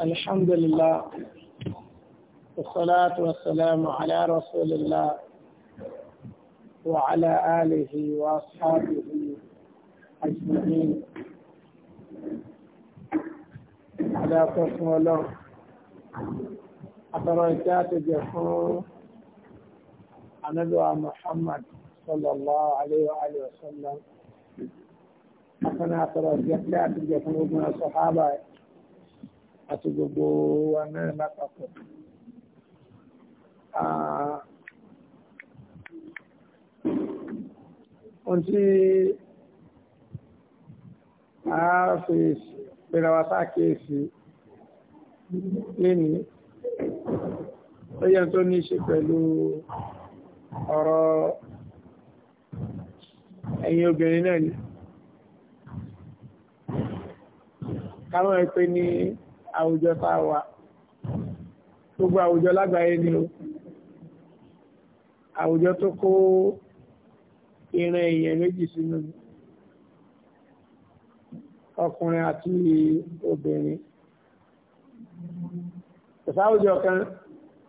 الحمد لله والصلاة والسلام على رسول الله وعلى آله وأصحابه أجمعين على قسم له أتركات عن أندوى محمد صلى الله عليه وآله وسلم أتنا أتركات جحوم من الصحابة àti gbogbo wa náà lápapọ̀. Ohun tí a fi pèrè wa sákèésí lénìí, ó yẹ tó ní ṣe pẹ̀lú ọ̀rọ̀ ẹ̀yin obìnrin náà ni. Káwọn ẹ ní àwùjọ sáwà gbogbo àwùjọ lágbàáyé ni o àwùjọ tó kó ìran èèyàn méjì sínú ọkùnrin àti obìnrin ìsáwùjọ kan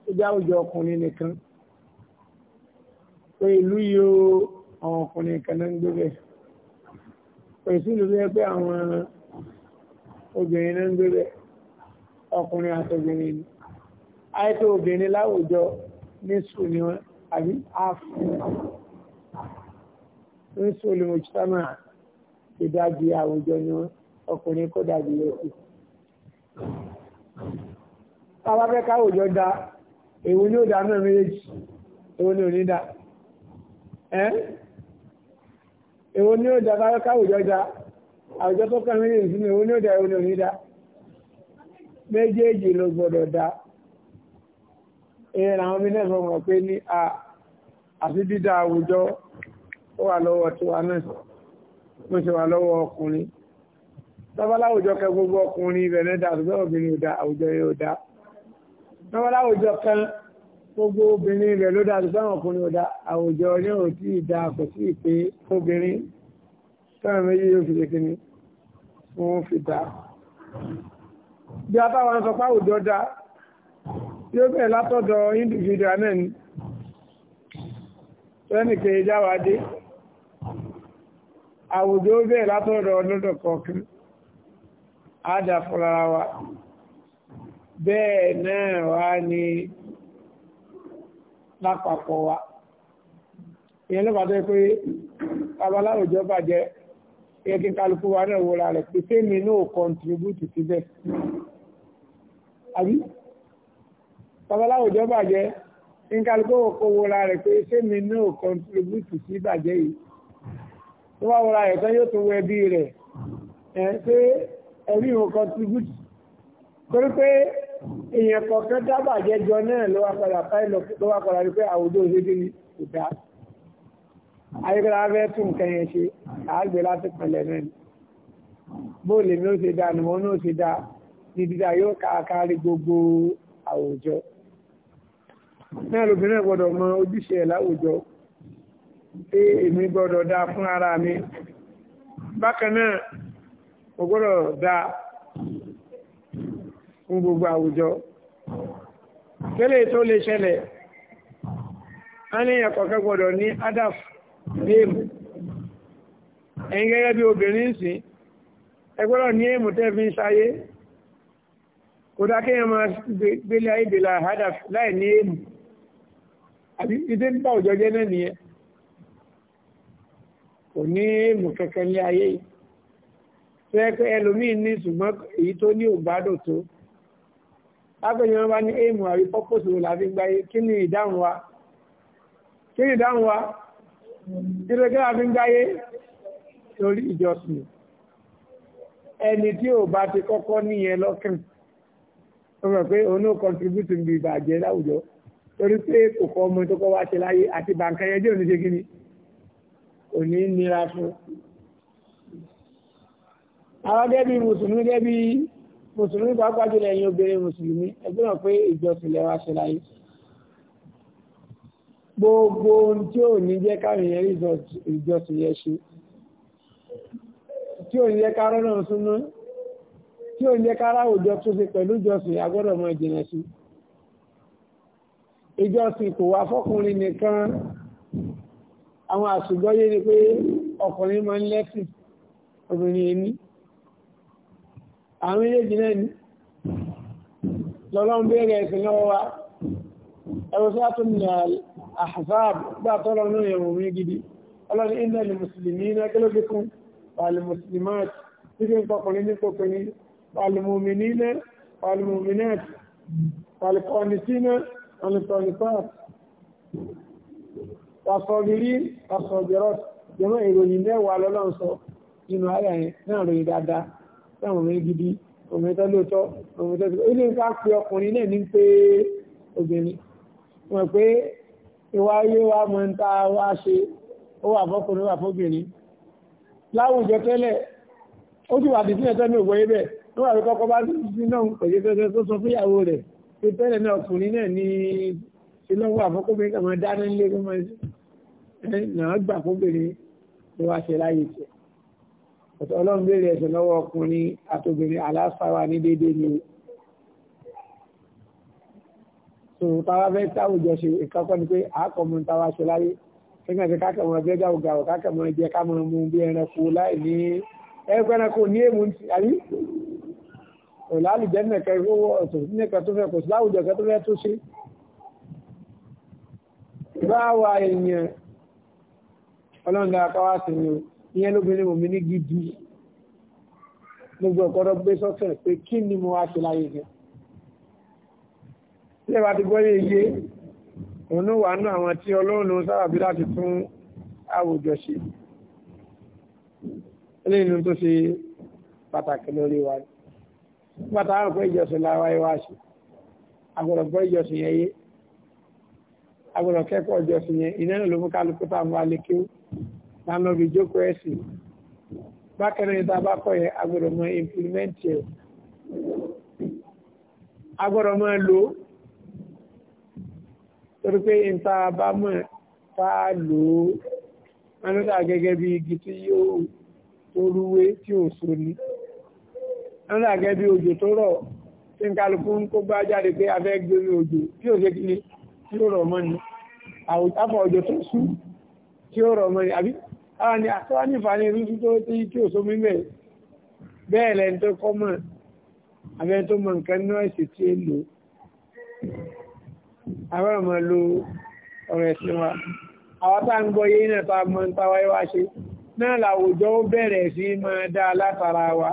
ó jẹ́ àwùjọ ọkùnrin nìkan pé ìlú yìí ó àwọn ọkùnrin nìkan náà ń gbé bẹ́ẹ̀ pèsè ìlú bẹ́ẹ̀ pé àwọn obìnrin náà ń gbé bẹ́ẹ̀ ọkùnrin àtòbìnrin ni àìtó obìnrin láwùjọ ní sùn ni wọ́n àbí áàfù ń sùn lè mọ̀ jùtámà ìdájì àwùjọ ni wọ́n ọkùnrin kó dàbí ẹ̀kú. Táwa fẹ́ káwùjọ da èwo ni ó da náà méjèèjì èwo ni ò ní da ẹ́ èwo ni ó da bá káwùjọ da àwùjọ tó kàn méjèèjì ni èwo ni ó da èwo ni ò ní da méjèèjì ló gbọ́dọ̀ dá èèyàn àwọn mínísọ̀ mọ̀ pé ní a àti dídá àwùjọ ó wà lọ́wọ́ tiwa náà mo ṣe wà lọ́wọ́ ọkùnrin tọ́báláwùjọ kẹ gbogbo ọkùnrin ibẹ̀ nẹ́dà àtúgbẹ́ obìnrin ò dá àwùjọ yóò dá tọ́báláwùjọ kan gbogbo obìnrin ibẹ̀ ló dá àtúgbẹ́ ọkùnrin ò dá àwùjọ ní ò tí ì dá kò sí ìpé obìnrin tọ́rọ méjì yóò fi ṣe kíní wọ́n fi dá bí a bá wọn sọ páwùjọ dá tí ó bẹ̀rẹ̀ látọ̀dọ̀ individual náà ni tẹ́nìkè jáwádé àwùjọ ó bẹ̀rẹ̀ látọ̀dọ̀ ọdọ́dọ̀ kọ̀ọ̀kan àdàfúnra wa bẹ́ẹ̀ náà wá ní lápapọ̀ wa ìyẹn lọ́pàá tó pé babaláwùjọ bàjẹ́ yẹ kí kálukú wa náà wọra rẹ̀ pé sẹ́mi náà kọ̀ǹtìrìbùtì síbẹ̀. àbí babaláwòjọ́ bàjẹ́ kí kálukú kó wọra rẹ̀ pé sẹ́mi náà kọ̀ǹtìrìbùtì sí bàjẹ́ yìí. tó bá wọra rẹ̀ tán yóò tún wọ ẹbí rẹ̀ ẹ̀ pé ẹbí wọn kọ̀ǹtìrìbùtì. torí pé èèyàn kọ̀ọ̀kan dábàjẹ́ jọ náà ló padà fáìlọ ló padà rí pé àwùjọ òṣèlú kò dáa ayégbèrè abẹ́ tún nǹkan yẹn ṣe àágbé láti pẹ̀lẹ̀ náà ni bóòlù mi ó ṣe dáa ni wọn ó ṣe dáa ní dídá yóò káàkárí gbogbo àwùjọ náà lóbìnrin gbọ́dọ̀ mọ ojúṣe ẹ̀ láwùjọ pé èmi gbọ́dọ̀ dáa fún ara mi bákan náà mo gbọ́dọ̀ dáa fún gbogbo àwùjọ kẹ́lẹ́ tó lè ṣẹlẹ̀ a ní ẹ̀kọ́ kẹ́gbọ́dọ̀ ní adaf níìmù ẹ̀yin gẹ́gẹ́ bí obìnrin sí ẹgbọ́rọ̀ ní èèmù tẹ́ fi ń sáyé kò dákẹ́ yẹn máa gbélé ayé bèèrè àhádà láì ní èèmù àbí ìdí ń bá òjò jẹ́ náà nìyẹn kò ní èèmù kẹ̀kẹ́ ní ayé yìí tó yẹ ẹlòmíì ní ṣùgbọ́n èyí tó ní ògbádùn tó lágbẹ̀yìn wọn bá ní èèmù gbáyé kí ni ìdáhùn wa kí ni ìdáhùn wa ìrẹ́gẹ́ àfi ń gbáyé lórí ìjọsìn ẹni tí ò bá ti kọ́kọ́ níyẹn lọ́kàn ó mọ̀ pé òun ó contribute ń bi ìbàjẹ́ láwùjọ torí pé kò kọ́ ọmọ tó kọ́ wá ṣe láyé àti bàǹkà yẹn jẹ́ oníṣe kí ni kò ní nira fún. àwọn gẹ́gẹ́ bí mùsùlùmí gẹ́gẹ́ bí mùsùlùmí pàápàá jùlọ ẹ̀yin obìnrin mùsùlùmí ẹgbẹ́ náà pé ìjọsìn lẹ́wà ṣe láyé gbogbo ohun tí ò ní jẹ́ káàrin yẹn ìjọsìn yẹn ṣe tí ò ní jẹ́ kárọ́ náà súnmọ́ tí ò ní jẹ́ kárá òjọ tó ṣe pẹ̀lú ìjọsìn agbọ́dọ̀ mọ ìjìnlẹ̀ sí ìjọsìn kò wá fọ́kùnrin nìkan àwọn àṣùgbọ́yé ni pé ọkùnrin máa ń lẹ́sìn obìnrin ẹni àwọn ilé ìjìnlẹ̀ ni lọ́lọ́run ẹ̀sìn lọ́wọ́ wa ẹ̀rọ sọ́tún ní àlẹ́ ahzab gbà tọ́lọ ní ẹ̀wọ̀n mi gidi ọlọ́ni inna lil muslimina kílógékún wal muslimat títí pọkùnrin ní pọkùnrin wal mu'minina wal mu'minat wal qanitina wal qanitat wasọ̀bìrí wasọ̀bìrọ̀ jẹ́mọ́ ìròyìn mẹ́wàá lọ́lọ́run sọ nínú ayà yẹn náà ròyìn dáadáa láwọn ọmọ gidi ọmọ ẹ̀tọ́ lóòótọ́ ìwà ayé wa mọ̀ ń ta wá ṣe ó wà fọ́kùnrin wà fóbìnrin láwùjọ tẹ́lẹ̀ ó sì wà dìtí ẹ̀tọ́ ní òwòye bẹ̀ ó wà lókọ́kọ́ bá sí náà pẹ̀lú tẹ́tẹ́ tó sọ fúyàwó rẹ̀ pé tẹ́lẹ̀ náà ọkùnrin náà ní ìlọ́wọ́ àfọ́kùnrin kàmọ́ dáná nílé kó máa náà gbà fóbìnrin ni wàá ṣe láyé tiẹ̀ ọ̀tọ̀ ọlọ́run béèrè ẹ̀sẹ̀ lọ́wọ́ ọkùnrin àtòbìnrin àlàáfà wa ní déédéé ni so táwa fẹ́ táwùjọ ṣe ìkọ́kọ́ ni pé àákọ́mọ táwa ṣe láyé nígbà tí kákẹ́mọ ẹgbẹ́ gàwùgàwù kákẹ́mọ ẹjẹ kámọ mu bí ẹranko láì ní ẹgbẹ́ ẹranko ní èmu ti àyí ọ̀là àlùjẹ́ nìkan owó ọ̀tọ̀ nìkan tó fẹ́ kò sí láwùjọ kan ni ìyẹn lóbìnrin mòmí ní gidi gbogbo ọ̀kọ́rọ́ gbé sọ́kàn pé ni lẹ́wà ti gbọ́ yéye òun wà nú àwọn tí ọlọ́run sábàbí láti tún àwùjọ ṣe ilé inú tó ṣe pàtàkì lórí wa nígbà táwọn ọ̀pọ̀ ìjọsìn láwa yẹn wá ṣe agbọ̀dọ̀ gbọ́ ìjọsìn yẹn yé agbọ̀dọ̀ kẹ́kọ̀ọ́ ìjọsìn yẹn iná ló mú kálukú tá a bá kọ́ torí pé nta bá mọ̀ tá a lò ó wọn ló dà gẹ́gẹ́ bí igi tí yóò tó rúwé tí ò so ni wọn dà gẹ́gẹ́ bí òjò tó rọ̀ tí n kálukú ń kó gbá jáde pé abẹ́ gbómi òjò tí ò ṣe kí ni tí ó rọ̀ mọ́ ni àwòtáfọ̀ òjò tó sùn tí ó rọ̀ mọ́ ni àbí ara ni àtọ́wá ní ìfàní tó tí tí ò so mímẹ̀ bẹ́ẹ̀ lẹ́ni tó kọ́ mọ̀ abẹ́ni tó mọ̀ nǹkan náà sì ti èlò àwọn ọmọ lo ọ̀rọ̀ ẹ̀sìn wa àwọn tá ń gbọ́ yé náà tá mọ́ ń táwáyé wá ṣe náà làwùjọ ó bẹ̀rẹ̀ sí máa dá látara wa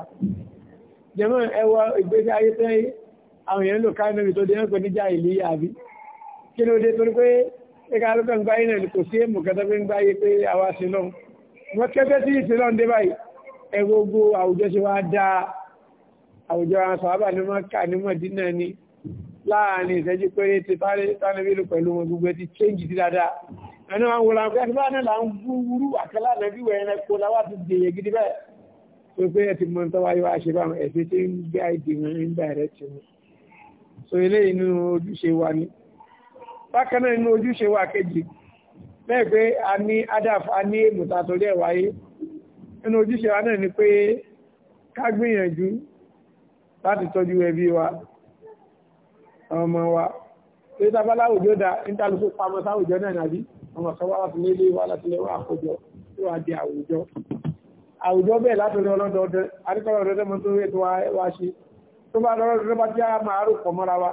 jẹ́mọ́ ẹwọ ìgbésí ayé tẹ́yí àwọn èèyàn lò káàmì tó dé náà ní jà ìlú àbí kí ló dé torí pé ẹka alúkọ̀ ń gbá ni láàrin ìṣẹ́jú péré ti parí tánàbílù pẹ̀lú wọn gbogbo ti chéjì ti dáadáa ẹni wọn wòlá pé ẹgbẹ́ náà là ń wúwúrú àkálà nàbí wẹ̀ ẹ̀rẹ́ kó láwá ti dèyẹ gidi bẹ́ẹ̀ tó pé ẹ̀tì mọ́ tọ́wá yóò ṣe bá wọn ẹ̀sẹ̀ tí ń gbé àìdè wọn ń bá ẹ̀rẹ́ ti wọn. so eléyìí nínú ojúṣe wa ni bákan náà nínú ojúṣe wa kejì bẹ́ẹ̀ pé a ní adaf a ní èmùtà torí ẹ̀ wáyé nínú ojúṣe wa náà ni pé ká gbìyànjú láti tọ́jú ẹbí wa àwọn ọmọ wa tí tábá láwùjọ dá ìtàlùkù pamọ́ sáwùjọ náà nàbí ọmọ sọwọ́ láti lélé wá láti lẹ́wọ́ àkójọ tí wà di àwùjọ àwùjọ bẹ́ẹ̀ látọ̀rẹ́ ọlọ́dọọdẹ àríkọ̀rọ̀ ọ̀dọ́dẹ́ mọ́ tó rẹ̀ tó wá ṣe tó bá lọ́rọ̀ ọ̀dọ́dẹ́ bá tí a máa rò pọ̀ mọ́ra wa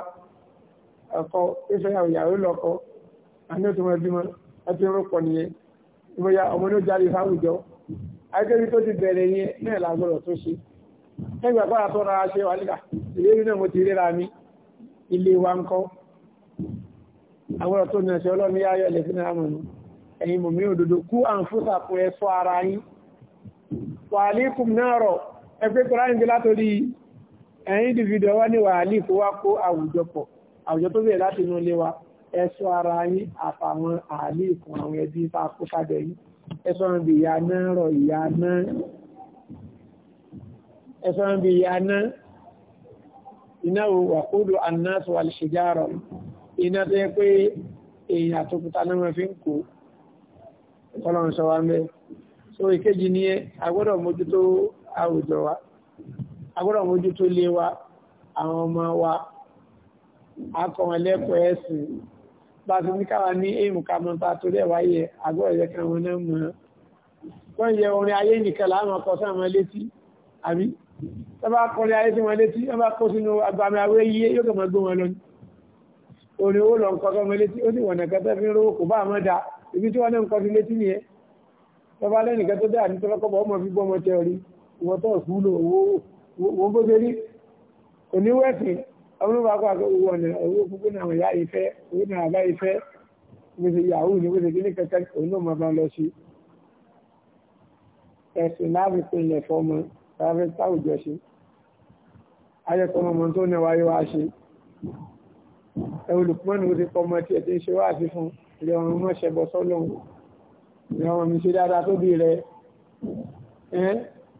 ọkọ̀ ìfẹ́ ìyàwó lọ́kọ̀ àní òtún ẹbí mọ́ ẹtí ń rọ́pọ̀ nìyẹn ìbòyá ọmọ ní ó jáde fáwùjọ àìkébí tó nígbà ìlérí náà mo ti ríra mi ilé wa ń kọ́ àwọn ọ̀rọ̀ tó ní ẹ̀ṣẹ́ ọlọ́ni yáyọ̀ ilẹ̀ sínú àmọ̀ ní ẹ̀yin mọ̀mí òdodo kú àǹfúsà kú ẹ sọ ara yín wa alaikum naro ẹgbẹ́ kọ́láyìn bí látòrí ẹ̀yin dìvidì ọwọ́ ní wà ní kó wá kó àwùjọ pọ̀ àwùjọ tó bẹ̀rẹ̀ láti inú ilé wa ẹ ara yín àfàwọn àlè àwọn ẹbí tá kó sábẹ́ yín ẹ sọ wọn ìyá náà rọ ìyá náà iná wàkúdù annas wal hijara iná tó yẹ pé èyàn àtòkúta náà fi ń kó ọlọ́run sọ wa ń so ìkejì ní ẹ agbọ́dọ̀ mójútó àwùjọ wa agbọ́dọ̀ mójútó lé wa àwọn ọmọ wa akọ̀wọ̀n lẹ́kọ̀ọ́ ẹ̀sìn bá ti ní káwa ní èèmù ká mọ́ bá torí ẹ̀ wáyé agbọ́dọ̀ yẹ tọ́bá kọrin ayé tí wọ́n létí ọba kó sínú agbami awé yíyé yóò kẹ́ mọ́ gbé wọn lọ́nà orin ó lọ ń kọ́kọ́ mọ́ létí ó sì wọ̀nà kẹta fi ń rówó kò bá àmọ́ da ibi tí wọ́n náà ń kọ́ sí létí nìyẹn tọ́bá lẹ́nìkan tó dáa ní tọ́bá kọ́ bọ́ ọmọ fi bọ́ ọmọ tẹ orí ìwọ́n tó kú lò wọ́n bó ṣe rí oníwẹ̀sìn ọmọlúwàkọ́ àgbẹ̀wò owó púpọ̀ tàbí táwùjọ ṣe ayẹ́kọ́ ọmọ tó ní wáyé wá ṣe ẹwùlùpọ́nù ti pọ̀ mọ́ tí ẹ̀ ti ń ṣe wá àti fún ilé ọmọ mọ́ṣẹ́ bọ́ sọ́lọ́hun ilé ọmọ mi ṣe dáadáa tó bí rẹ̀ ẹ́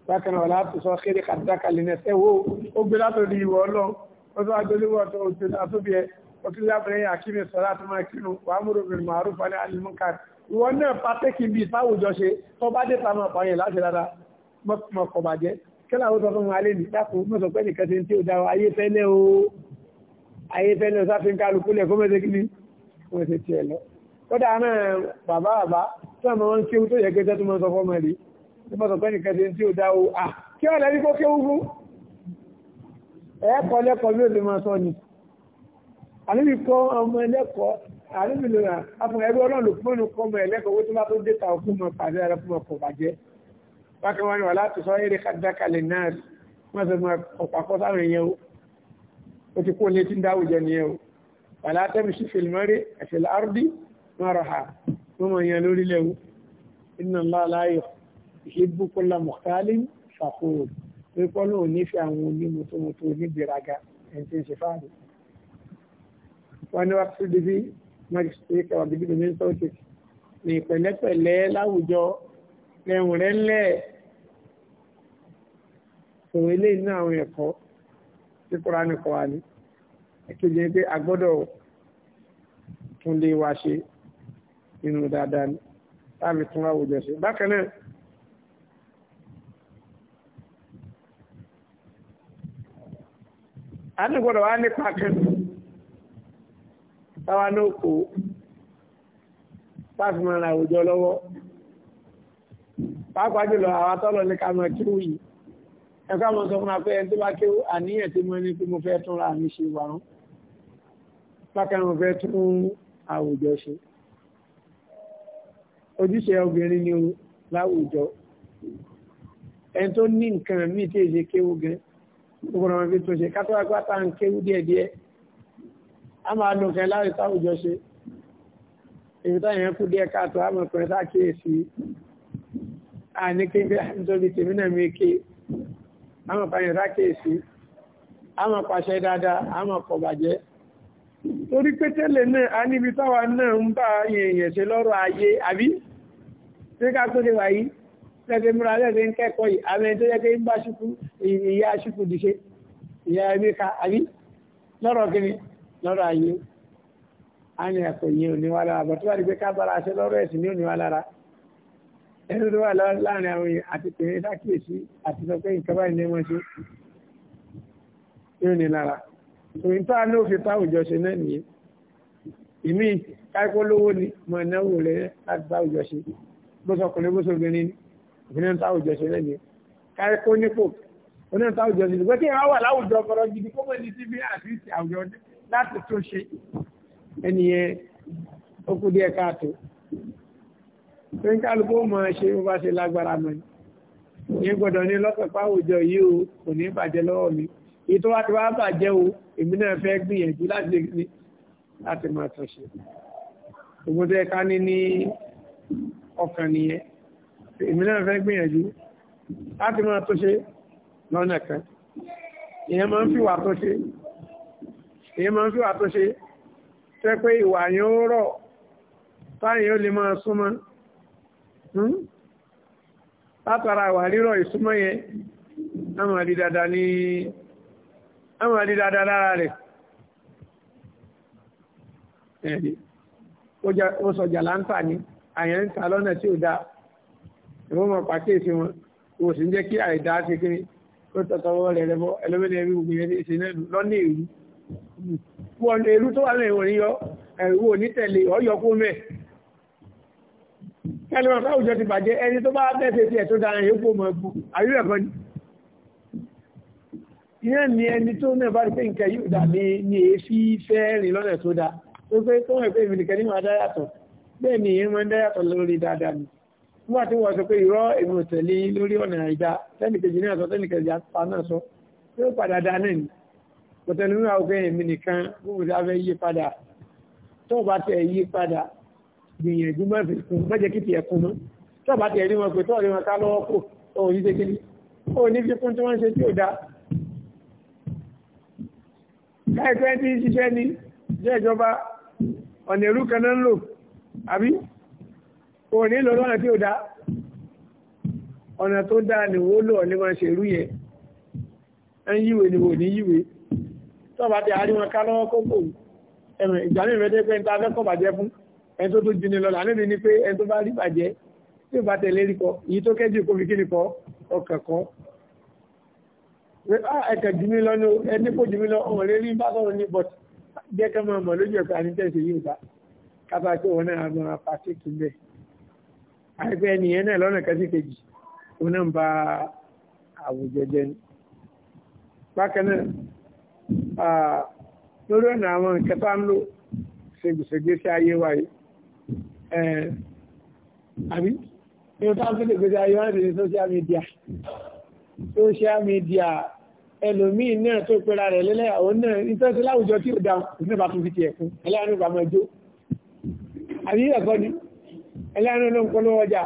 bákan náà láti sọ kéré kàdákà lè nẹ ẹwọ́ ó gbé látòdì ìwọ̀ ọlọ́ ó tó adolówó tó òjò àtúbí ẹ ọtún lábẹ́rẹ́ yẹn àkíní sọ láti máa kínú wàá pàtẹ́kì bíi táwùjọ ṣe tó bá dé ta pààyàn láti dáadáa mọ́kànbàjẹ́ kílá ó sọ fún wa lè ní dákò mọ́sọ̀ pé nìkan ti tí ó dáwọ́ ayé o ayé o sáfin kálukú lẹ̀ kó kí ni wọ́n ṣe tiẹ̀ lọ. kódà náà bàbá bàbá tí wọ́n máa ń kéwu tó yẹ kí ẹjọ́ tó máa sọ fún ọmọ rí tí mọ́sọ̀ pé nìkan ti ń tí ó dáwọ́ à kí ọ̀lẹ́ ní kó kéwu fún. ẹ kọ́ lẹ́kọ̀ọ́ bí ó lè máa sọ ni. àníbi kọ́ ọmọ ẹlẹ́kọ̀ọ́ àníbi bákan wọn ni wà láti sọ eré kàdákà lè náà wọ́n sọ máa ọ̀pàpọ̀ sáwọn èèyàn o ó ti kó létí ń dáwùjọ nìyẹn o wà látẹ́mi sí fèlmọ́rí àfẹ́lẹ́ àrùdí mọ́rọ̀ ha wọ́n mọ̀ yẹn lórí lẹ́wọ́ iná láàláyọ̀ ìṣègbú kọlá mọ̀kálí ṣàkóso lẹ́wùn rẹ̀ ńlẹ́ẹ̀ fún eléyìí nínú àwọn ẹ̀kọ́ tí kúránì kọ́ wa ní ẹ̀kejì ni pé a gbọ́dọ̀ tún lé wa ṣe nínú dáadáa ní láàbí tún àwùjọ ṣe bákan náà a ní gbọ́dọ̀ wá nípa kan táwa náà kò pàṣẹ mọ́ra àwùjọ lọ́wọ́ pàápàá jùlọ àwọn atọ́lọ́ ní ká mọ̀ kírú yìí ẹ̀kọ́ àwọn sọ fún afẹ́ tó bá ké àníyàn tí mo ní pé mo fẹ́ tún ra ṣe wà rán bákan fẹ́ tún àwùjọ ṣe ojúṣe obìnrin ni láwùjọ ẹni tó ní nǹkan míì tí èsì kéwú gan gbogbo ọmọ ibi tó ṣe kátó wá pátá ń kéwú díẹ̀díẹ̀ a máa lo nǹkan láti táwùjọ ṣe èyí táyẹn kú díẹ̀ káàtó a mọ̀ pẹ̀lú sáà kíyèsí àní kéńgbé àti tóbi tèmi náà mi kéé àmọ̀ pàyàn rákèsí àmọ̀ pàṣẹ dáadáa àmọ̀ pọ̀bàjẹ́ torí pé tẹ́lẹ̀ náà a níbi táwa náà ń bá èèyàn ṣe lọ́rọ̀ ayé àbí tí ká tó lè wáyé lẹ́sẹ̀ múra lẹ́sẹ̀ ń kẹ́kọ̀ọ́ yìí àmì tó yẹ pé ń bá ṣùkú ìyá ṣùkú dìṣe ìyá ẹbí ka àbí lọ́rọ̀ kìíní lọ́rọ̀ ayé a ẹni tó wà láàrin àwọn èèyàn àti pèrè sákìyèsí àti sọ pé nǹkan báyìí ní wọ́n ṣe yóò ní lára òyìn tó àánú òfin táwùjọ ṣe náà nìyẹn ìmí káíkó lówó ni mọ ìnáwó rẹ láti táwùjọ ṣe bó sọkùnrin bó sọbìnrin ìfìnà táwùjọ ṣe náà nìyẹn káíkó nípò onírin táwùjọ ṣe ṣùgbọ́n tí ìhà wà láwùjọ fọ̀rọ̀ gidi kó mọ̀ ní tv àti àwùjọ láti tó ṣe ẹnìyẹn ó kú pé kálukú mọ ṣe bó bá ṣe lágbára mọ ni ní gbọ́dọ̀ ní lọ́pẹpá àwùjọ yìí o kò ní bàjẹ́ lọ́wọ́ mi ètò wa ti wá bàjẹ́ o èmi náà fẹ́ gbìyànjú láti ní láti máa tún ṣe gbogbo tó yẹ ká ní ní ọkàn nìyẹn èmi náà fẹ́ gbìyànjú láti máa tún ṣe lọ́nà kan ìyẹn máa ń fi wà tó ṣe èyí máa ń fi wà tó ṣe tẹ́ pé ìwà yẹn ó rọ̀ táyẹ̀ ó lè máa súnmọ́ Hmm? látara àwà rírọ̀ ìsúnmọ́ àwọn àrí lára rẹ̀ ẹ̀rí ó sọjà láńtà ní àyẹ̀ ń ta lọ́nà tí ò dáa ìwọ́n mọ̀ pàkíyèsí wọn kò sì jẹ́ kí àìdá ṣe kiri ó tọ̀tọ̀wọ́ rẹ̀ lẹ́bọ́ ẹlẹ́mẹ́lẹ́ ẹbí kẹ́lẹ̀ wọn káwùjọ ti bàjẹ́ ẹni tó bá tẹ́sẹ̀ tí ẹ̀ tó dára yóò pọ̀ mọ́ ẹ̀kú àríwẹ̀ ẹ̀kọ́ ni ìyẹn ni ẹni tó náà bá rí pé nǹkan yóò dà ní ní èéfí fẹ́ rìn lọ́nà tó dáa tó pé tó wọ́n pé ìmìnìkẹ́ ní máa dáyàtọ̀ bẹ́ẹ̀ ni ìyẹn máa ń dáyàtọ̀ lórí dáadáa ni nígbà tí wọ́n sọ pé irọ́ èmi ò tẹ̀lé lórí ọ̀nà ìdá tẹ́nìkejì náà sọ tẹ́nìkejì apá náà sọ tó padà dáa náà ni kò tẹ̀lé nínú àwọn òkè èmi nìkan gbogbo tí a fẹ́ yí padà tó bá tẹ̀ yí padà gbìyànjú má fi kún má jẹ́ kí tiẹ̀ kún mọ́ tọ́ba tiẹ̀ rí wọn pé tọ́ọ̀rí wọn ká lọ́wọ́ kò ó ní ṣe kíní ó ní fi kún tí wọ́n ń ṣe tí ò dáa. láìpẹ́ tí ń ṣiṣẹ́ ni jẹ́ ìjọba ọ̀nà ìlú kan náà ń lò àbí ó ní lọ lọ́nà tí ò dáa ọ̀nà tó dáa ni wọ́n lò ní wọ́n ṣe rú yẹn ń yíwe ni wò ní yíwe tọ́ba tiẹ̀ rí wọn ká lọ́wọ́ kó kò ìgbà mi ẹni tó tó jìnnì lọ́la níbi ni pé ẹni tó bá rí bàjẹ́ tí ò bá tẹ̀lé rí kọ èyí tó kẹ́jù kó fi kí ni kọ ọkàn kan ah, ẹ̀kẹ̀ jù mí lọ ní ẹni kó jù mí lọ ọmọ rẹ̀ rí bá sọ̀rọ̀ ní bọ̀t jẹ́ ká máa mọ̀ lójú ẹ̀kọ́ àníjẹ́sì yìí bá kápá tó wọn náà máa pàṣẹ kí bẹ́ẹ̀ àìpẹ́ ẹnìyẹn náà lọ́nà kẹ́sì kejì òun náà ń ba àwùjọ jẹ́ ni bákan náà ah, lórí ọ̀nà àwọn ìkẹta ń lò ṣègbèsègbè sí ayé wáyé Eh, àbí ní o táwọn tó gbèsè ayé wọn rèé social media social media ẹlòmíín náà tó pera rẹ̀ lẹ́lẹ́yàwó náà nítorí láwùjọ tí ó da òun bá tún fi tiẹ̀ fún ẹlẹ́yàwó bá máa jó àbí ẹ̀kọ́ ni ẹlẹ́yàwó ló ń polówó ọjà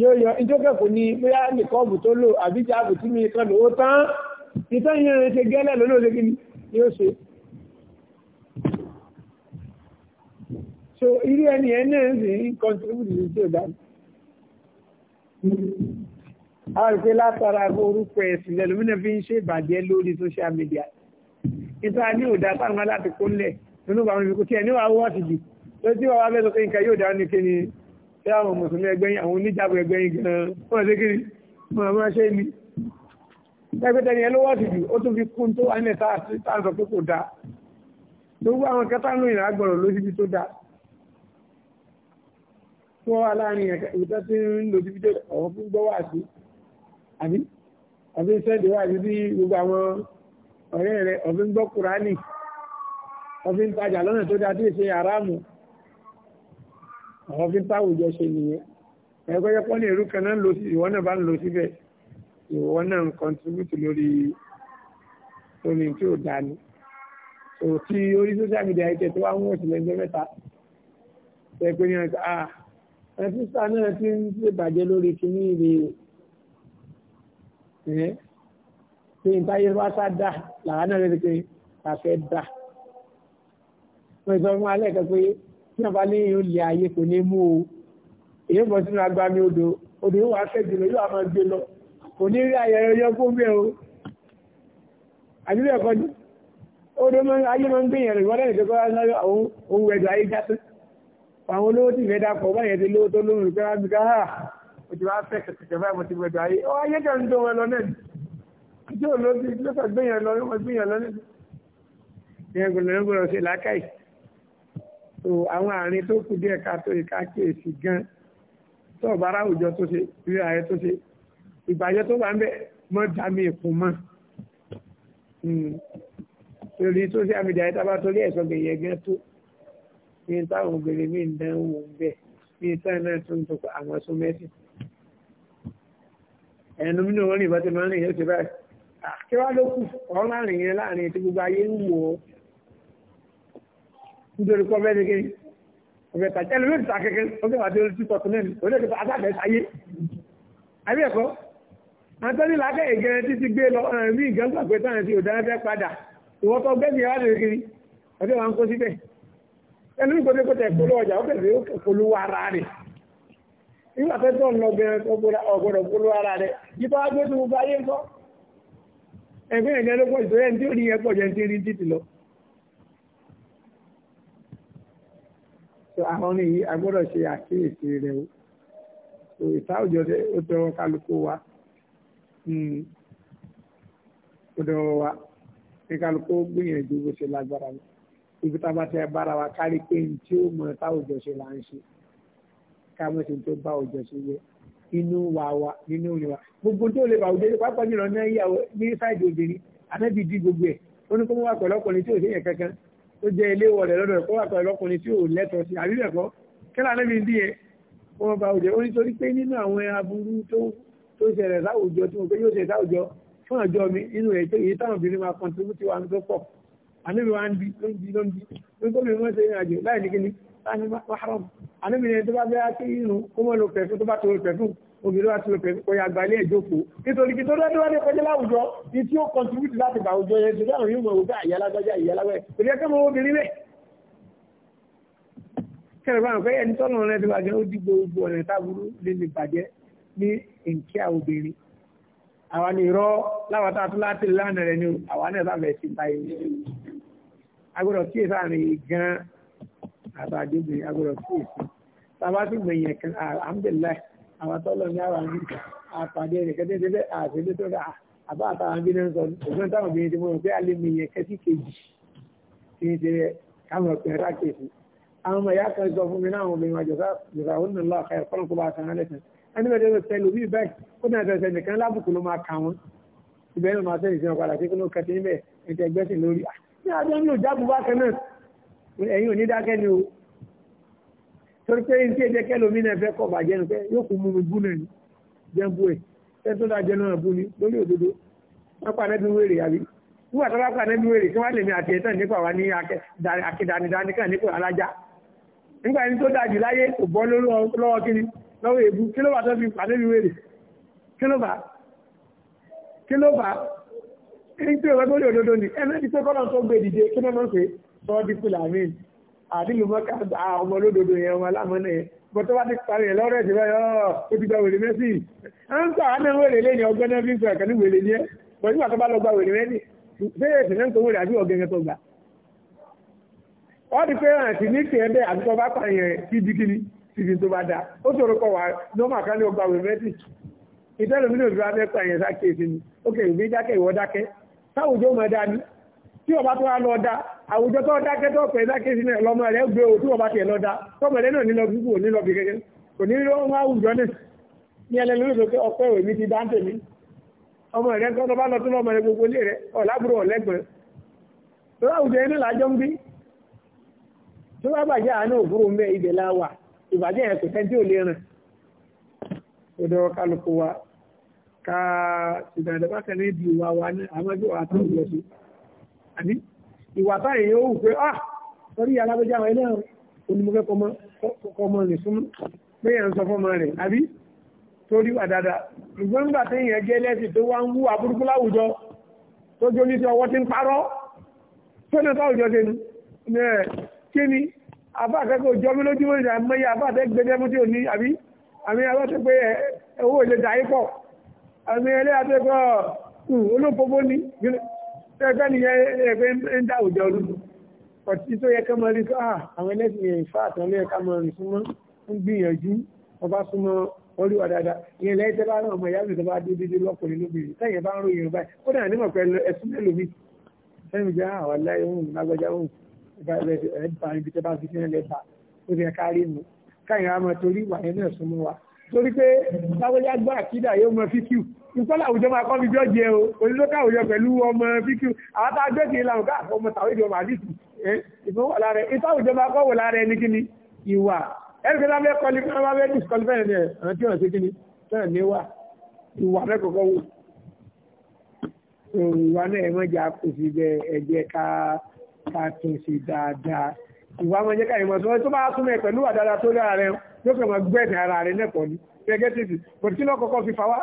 yóò yọ ìjókòó ní bóyá nìkọ́ọ̀bù tó lò àbí jáàbù tí mi kọ́ lò ó tán ìtàn yẹn ṣe gẹ́lẹ́ lólóòṣègbè ni yóò ṣe so irú ẹni ẹ náà sì ń contribute sí tí ò dáa a rò pé látara orúkọ ẹ̀sìn lẹ́lòmínà fi ń ṣe ìbàjẹ́ lórí social media níta ní òdà táwọn aláàtì kó lẹ̀ nínú àwọn ibi kò tí ẹ̀ níwà wọ́ ti jù tó tí wọ́n wá bẹ́ẹ̀ sọ pé nǹkan yóò dáa ní kíni tí àwọn mùsùlùmí ẹgbẹ́yìn àwọn oníjàbọ̀ ẹgbẹ́yìn gan-an wọ́n ṣe kíni wọ́n máa ṣe ni ẹgbẹ́ta ni ẹlọ́wọ́ ti jù ó tún fi kún tó wà ní ẹ̀ta àti táǹsọ̀ pé kò dáa gbogbo àwọn kẹta ń lóyìn àgbọ̀rọ̀ lójú tó dáa tó aláàrin ìta tí ń lò dídíjọ́ ọ̀rọ̀ fún gbọ́wà sí àbí ọ̀fí sẹ́ẹ̀dì wà sí bí gbogbo àwọn ọ̀rẹ́ rẹ̀ ọ̀fí ń gbọ́ kùránì ọ̀fí ń tajà lọ́nà tó dá tí ì ṣe àráàmù ọ̀fí ń táwùjọ ṣe nìyẹn ẹgbẹ́jọ́ pọ́n ní èrú kan náà lọ sí ìwọ náà bá ń lọ síbẹ̀ ìwọ náà ń kọ́ntribútù ẹgbẹ́ mẹ́ta ọjọ́ ah ẹ̀fíṣà náà ti ń ṣèbàjẹ́ lórí kìíní ìrè ẹ̀ ṣe ń táyé wá sá dà làwọn náà lè ṣe àfẹ́ dà. wọ́n sọ fún alẹ́ kan pé tí wọ́n bá ní yóò lé ayé kò ní mú o èyí bọ̀ sínú agbami odò odò yóò wá fẹ́ jùlọ yóò máa gbé lọ kò ní rí ayẹyẹ yọ fún bẹ́ẹ̀ o àdúrà ẹ̀kọ́ ni odò ayé máa ń gbìyànjú wọ́n lẹ́yìn tó kọ́ àwọn ohun ẹ̀dọ̀ ayé já tó àwọn olówó tí ìfẹ́ dàpọ̀ báyẹn ti lówó tó lóhùn rẹ̀ pẹ́lá bí káà mo ti wá fẹ́ kẹ̀kẹ́ báyìí mo ti gbẹ̀dọ̀ ayé ọ ayé kan tó wọn lọ náà ìjọ olóòtú lọ́sọ̀ gbẹ̀yàn lọ wọ́n gbẹ̀yàn lọ náà ìyẹn gbọ́dọ̀ ń gbọ́dọ̀ ṣe làákàyè tó àwọn àárín tó kù díẹ̀ ká tó ìka kíyèsí gan tó ọ̀bára àwùjọ tó ṣe rí ààrẹ tó ṣe ìbàjẹ́ tó wà ń bẹ̀ mọ́ dàmí ìkùn mọ́ hmm. torí social media yẹn tábà torí ẹ̀sọ́ gbẹ̀yẹ gan tó ní táwọn obìnrin míì ń dánwò ń bẹ̀ ní táwọn náà tún tó àwọn sún mẹ́sì ẹnu nínú wọn rìn bá ti máa ń rìn yóò ti báyìí kí wá ló kù ọ̀rọ̀ láàrin yẹn láàrin tí gbogbo ayé ń wò ó nítorí kọ́ bẹ́ẹ̀ ni kí ọ̀bẹ tàjẹ́ ló lóòótọ́ akẹ́kẹ́ ọ̀bẹ wà tó ti pọ̀tù náà ó lè tó asáfẹ́ sáyé àbí ẹ̀kọ́ àtọ́ni làákẹ́ ìgẹrẹ títí gbé lọ ẹ̀mí ìgbàgbọ́ pé táwọn ti ò dáná fẹ́ padà ìwọ́tọ̀ gbẹ́mìí wá lè kiri ẹni ní kòtò kòtò ẹ̀kọ́ lọ́wọ́ ọjà ó kẹ̀sì ó polówó ara rẹ̀ nígbà tó tó ń lọ bẹ̀rẹ̀ tó ọ̀gbọ̀dọ̀ polówó ara rẹ̀ yípa wá gbé tó gbogbo ayé ń kọ́ ẹgbẹ́ ìjẹ́ ló pọ̀ ìtòyẹ́ ní tí ó rí ẹ̀pọ̀ jẹ́ ti rí títì lọ. àwọn ní yìí agbọ́dọ̀ ṣe àkíyèsí rẹ̀ o ìta òjò ó tẹ ọ kálukú wa hmm. ó tẹ ọ wa ní kálukú gbìyànjú bó ṣe lágbára lọ ibi tá a bá tẹ bára wa kárí pé ní tí ó mọ táwùjọ ṣe là ń ṣe ká mọ̀ sí tó bá òjọ ṣe yẹ inú wa wa nínú ìwà gbogbo tó lè bá òjò pápá jùlọ ní ìyàwó ní sáìdì obìnrin àtẹ́bí dí gbogbo ẹ̀ ó ní kó mú wà pẹ̀lú ọkùnrin tí ò sí yẹn kankan ó jẹ́ ilé ìwọ̀lẹ̀ lọ́dọ̀ ẹ̀ kó wà pẹ̀lú ọkùnrin tí ò lẹ́tọ̀ọ́ sí àbí bẹ́ẹ̀ kọ́ kílà náà mi ń díye wọn bá òjò ó nítorí pé nínú àwọn aburú tó ṣẹlẹ̀ láwùjọ tí mo pé yóò ṣe láwùjọ fún àjọ mi nínú èyí táwọn obìnrin máa kọ̀ǹtínú tiwa tó pọ̀ àníbi wa ń bi ló ń bi ló ń bi ló ń tóbi wọn ṣe ìrìn àjò láì ní kíni láì ní mahram àníbi yẹn tó bá bẹ́ẹ̀ kí inú kó mọ́ lo pẹ̀fú tó bá tó lo pẹ̀fú obìnrin wa ti lo pẹ̀fú kọyà àgbà ilé ìjókòó nítorí kí tó dájú wá ní kọjá láwùjọ ní tí ó kọntribútì láti bá àwùjọ yẹn ṣùgbọ́n àwọn yóò mọ̀ wípé àyà alágbájá àyà alágbájá kò jẹ́ kẹ́mọ obìnrin lẹ̀. kẹrẹ bá wọn pé ẹni tọ́nà rẹ ti wà gẹ́gẹ́ ó di gbogbo ọ̀nà táburú lè lè bàjẹ́ ní nkíà obìnrin àwa ni irọ́ láwọn tá a tún láti lánàá rẹ ni àwa náà sábẹ̀ ti ta ìlú agbọ́dọ̀ kíyè sáàrin gan àtàdébìnrin agbọ́dọ̀ kíyè sí tàbá tí gbẹ̀yìn ẹ̀kan alhamdulillah àwọn tọ́lọ̀ ní àwọn àpàdé ẹ̀rẹ̀ kẹ́tẹ́ tẹ́tẹ́ àṣẹ́lẹ́ tó rà àbá àtàwọn bí náà sọ òṣèlú táwọn obìnrin ti mọ̀ pé alẹ́ mi yẹn kẹ́sí kejì tí ń ṣe káwọn ọkùnrin rákèsí àwọn ọmọ ìyá kan sọ fún mi náà àwọn obìnrin àjọsá jọsá òun náà lọ́ọ̀ká ẹ̀ kọ́nà kó bá san alẹ́ sàn ní àjọ ní òjábù bákan náà ẹ̀yin ò ní dákẹ́ ni o torí pé ní tí èdè kẹlòmí náà fẹ́ kọ̀ bàjẹ́ nu pé yóò kú mú mi bú náà ni jẹun bú ẹ̀ ẹ tó dájẹ́ náà bú ni lórí òdodo wọ́n pa nẹ́bí wèrè àbí wọ́n àtọ́ bá pa nẹ́bí wèrè kí wọ́n lè mi àti ẹ̀tàn nípa wa ní akédanidani kan nípa alájà nígbà yẹn tó dájú láyé kò bọ́ lọ́wọ́ kíni lọ́wọ́ èébú kí ló bá tó fi pa ní tí ìwé gbọ́dọ̀ ni ẹni tí pé kọ́lọ̀ tó gbé dìde kí náà ṣe sọ dípò làmì àdìlù ọmọ olódodo yẹn ọmọ alámọ́nà yẹn bọ́ tó bá ti parí ẹ̀ lọ́rọ̀ ẹ̀sìn báyọ̀ ó ti gba wèrè mẹ́sì ń tọ́ àánú wèrè lẹ́yìn ọgbẹ́ náà fi ń sọ ẹ̀kan ní wèrè ni ẹ́ bọ́ nígbà tó bá lọ gba wèrè mẹ́sì ṣé èsì ní tiẹ̀ bẹ́ẹ̀ àti tó bá pààyàn kí bí kíni tìbí tó táwùjọ mọ̀ dání tí ọba tó wà lọ da àwùjọ tó dákẹ́ tó pẹ̀lú àkẹ́sí náà lọ́mọ rẹ̀ gbé o tí ọba tiẹ̀ lọ da tọ́mọ rẹ̀ náà nílọ bí kò nílọ bí kẹ́kẹ́ kò ní lọ wọn àwùjọ náà ní ẹni lórí ìlú pé ọpẹ́ òwe mi ti dá ń tèmi ọmọ rẹ̀ kọ́ lọ́ba lọ tó lọ́mọ rẹ̀ gbogbo lé rẹ̀ ọ̀ lábúrò ọ̀lẹ́gbẹ̀rẹ̀ tó láwùjọ ka ṣùgbọ́n ìdọ́gba kan ní di ìwà wa ní àmọ́jú àti ìwà sí. àní ìwà táyì yóò wù pé ah sọrí alábẹ́jà wọn náà onímọ̀kẹ́ kọmọ rẹ̀ fún bẹ́yà ń sọ fọ́mọ rẹ̀ àbí torí wà dáadáa ṣùgbọ́n nígbà tí èèyàn jẹ́ lẹ́sìn tó wá ń wú àbúrúkú láwùjọ tó jó ní sí ọwọ́ tí ni àbá akẹ́kọ̀ọ́ jọ mí lójúmọ́ ìdá mẹ́yà àbá àtẹ́gbẹ́dẹ́mú tí ò ní àbí àmì àbá tó pé owó àmì ẹlẹ́ àtẹ́kọ́ hmm, olóòpópó ní ẹgbẹ́ nìyẹn ẹgbẹ́ ń dá òjò ọdún ọtí tó yẹ ká máa rí káà ah, àwọn ẹlẹ́sìn yẹn ìfá àtàlẹ́ ká máa rìn súnmọ́ ń gbìyànjú ọba súnmọ́ olúwa dáadáa ìyẹn lẹ́yìn tẹ́ bá rán ọmọ ìyá mi tó bá dé dédé lọ́kùnrin lóbìnrin táyẹ̀ bá ń ròyìn rẹ̀ báyìí ó dàní mọ̀ pẹ̀lú ẹ̀sùn mélòó mi sẹ́yìn jẹ́ àwọn ah, aláyé òun lágbájá òun ẹ̀ẹ́dì bá ibi tẹ́ bá fi sí ẹ̀lẹ́ta ó ti ẹ̀ka rí mu káyìn á máa torí ìwà yẹn náà súnmọ́ wa torí pé láwọ́yá gbọ́ àkídà yóò mọ fíkíù ìpọ́lá àwùjọ máa kọ́ bí jọ́ jẹ o onílọ́kà àwùjọ pẹ̀lú ọmọ fíkíù àwọn tá a gbé kiri làwọn káàkó ọmọ tàwé ìdí ọmọ àdìsí ìfowó lára ìtọ́ àwùjọ máa kọ́ wò lára ẹni kíni ìwà ẹni kíni abẹ́ kọ́lí fún abẹ́ disqualify ẹni ẹ̀ tí wọ́n ṣe kíni náà ní wà ìwà mẹ́kọ̀ọ́kọ́ wò ìwà náà ẹ̀ mọ́jà kò sí bẹ́ẹ̀ ẹ̀jẹ̀ ká ká tún sí dáadáa ìwà mọ́jẹ́ ká ìmọ̀ yóò kàn máa gbẹ́ẹ̀dì ara rẹ̀ lẹ́pọ̀ ní gẹ́gẹ́ títì bọ̀dì kí lọ́kọ̀ọ́kọ́ fi fa wá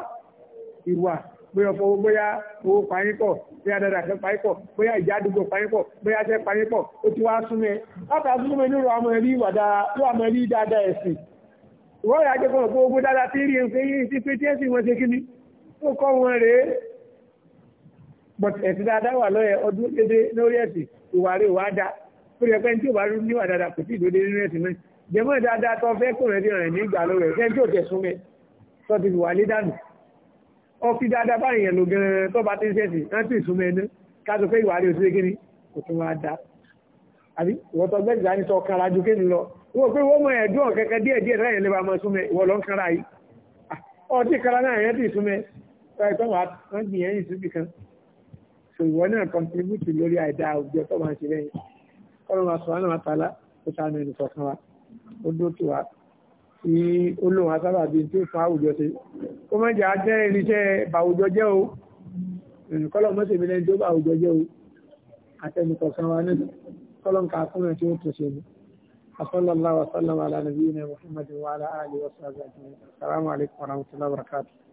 ìwà bóyá fọwọ́ bóyá owó payín pọ̀ bóyá dada kan payín pọ̀ bóyá ìjà àdúgbò payín pọ̀ bóyá iṣẹ́ payín pọ̀ ó ti wá súnmẹ́ láti àtúntúmọ̀ nínú àwọn ẹ̀rí ìwà dára ló àmọ́ ẹ̀rí dáadáa ẹ̀sìn ìwọ́n yà jẹ́ kọ́nà gbogbo dáadáa tí rí ẹ̀fẹ́ yìí sí pé tí ẹ̀sìn wọn ṣe kí ni ó kọ́ wọn rèé but ẹ̀sìn dáadáa wà lọ́yẹ̀ ọdún dédé lórí ẹ̀sìn ìwà rẹ̀ wà dá ó yẹ pé ní tí ò bá ní wà dáadáa kò sí ìdóde nínú ẹ̀sìn náà jẹmọ́ dáadáa tó fẹ́ kò rẹ̀ rẹ̀ nígbà lórí ẹ̀ tí ó tẹ̀sùn mẹ́ tó ti wà ní dànù ọfi dáadáa báyìí yẹn lò gan-an tó bá ti ń sẹ́sì rántí ìsúnmọ́ ẹnu káàtó fẹ́ ìwà rí oṣù kékeré kò tún wá da àbí ìwọ́n tó gbẹ́sì dání tó kara ju kéde lọ wọ́n pé wọ́n mọ ẹ̀dùn kẹ́kẹ́ díẹ̀ díẹ̀ láyẹn lè ba mọ súnmọ́ ìwọ́ lọ ń kara yìí ah, ọtí kara náà yẹn ti súnmọ́ ẹ̀ tó wà wọ́n gbìyànjú ìsúnbì kan so ìwọ náà contribute lórí àìdá òjò tó máa ń ṣe lẹ́yìn kọ́ odó tó wa tí olóhùn asábà bí tí ó fa àwùjọ ṣe kó má jà á jẹ́ irinṣẹ́ bàwùjọ jẹ́ o kọ́lọ̀ mọ́sẹ̀mí lẹ́ni tó bàwùjọ jẹ́ o àtẹnukọ̀ kan wa náà kọ́lọ̀ ń ka fún ẹ̀ tí ó tún ṣe ni. وصلى الله وسلم على نبينا محمد وعلى اله وصحبه اجمعين السلام عليكم ورحمه الله وبركاته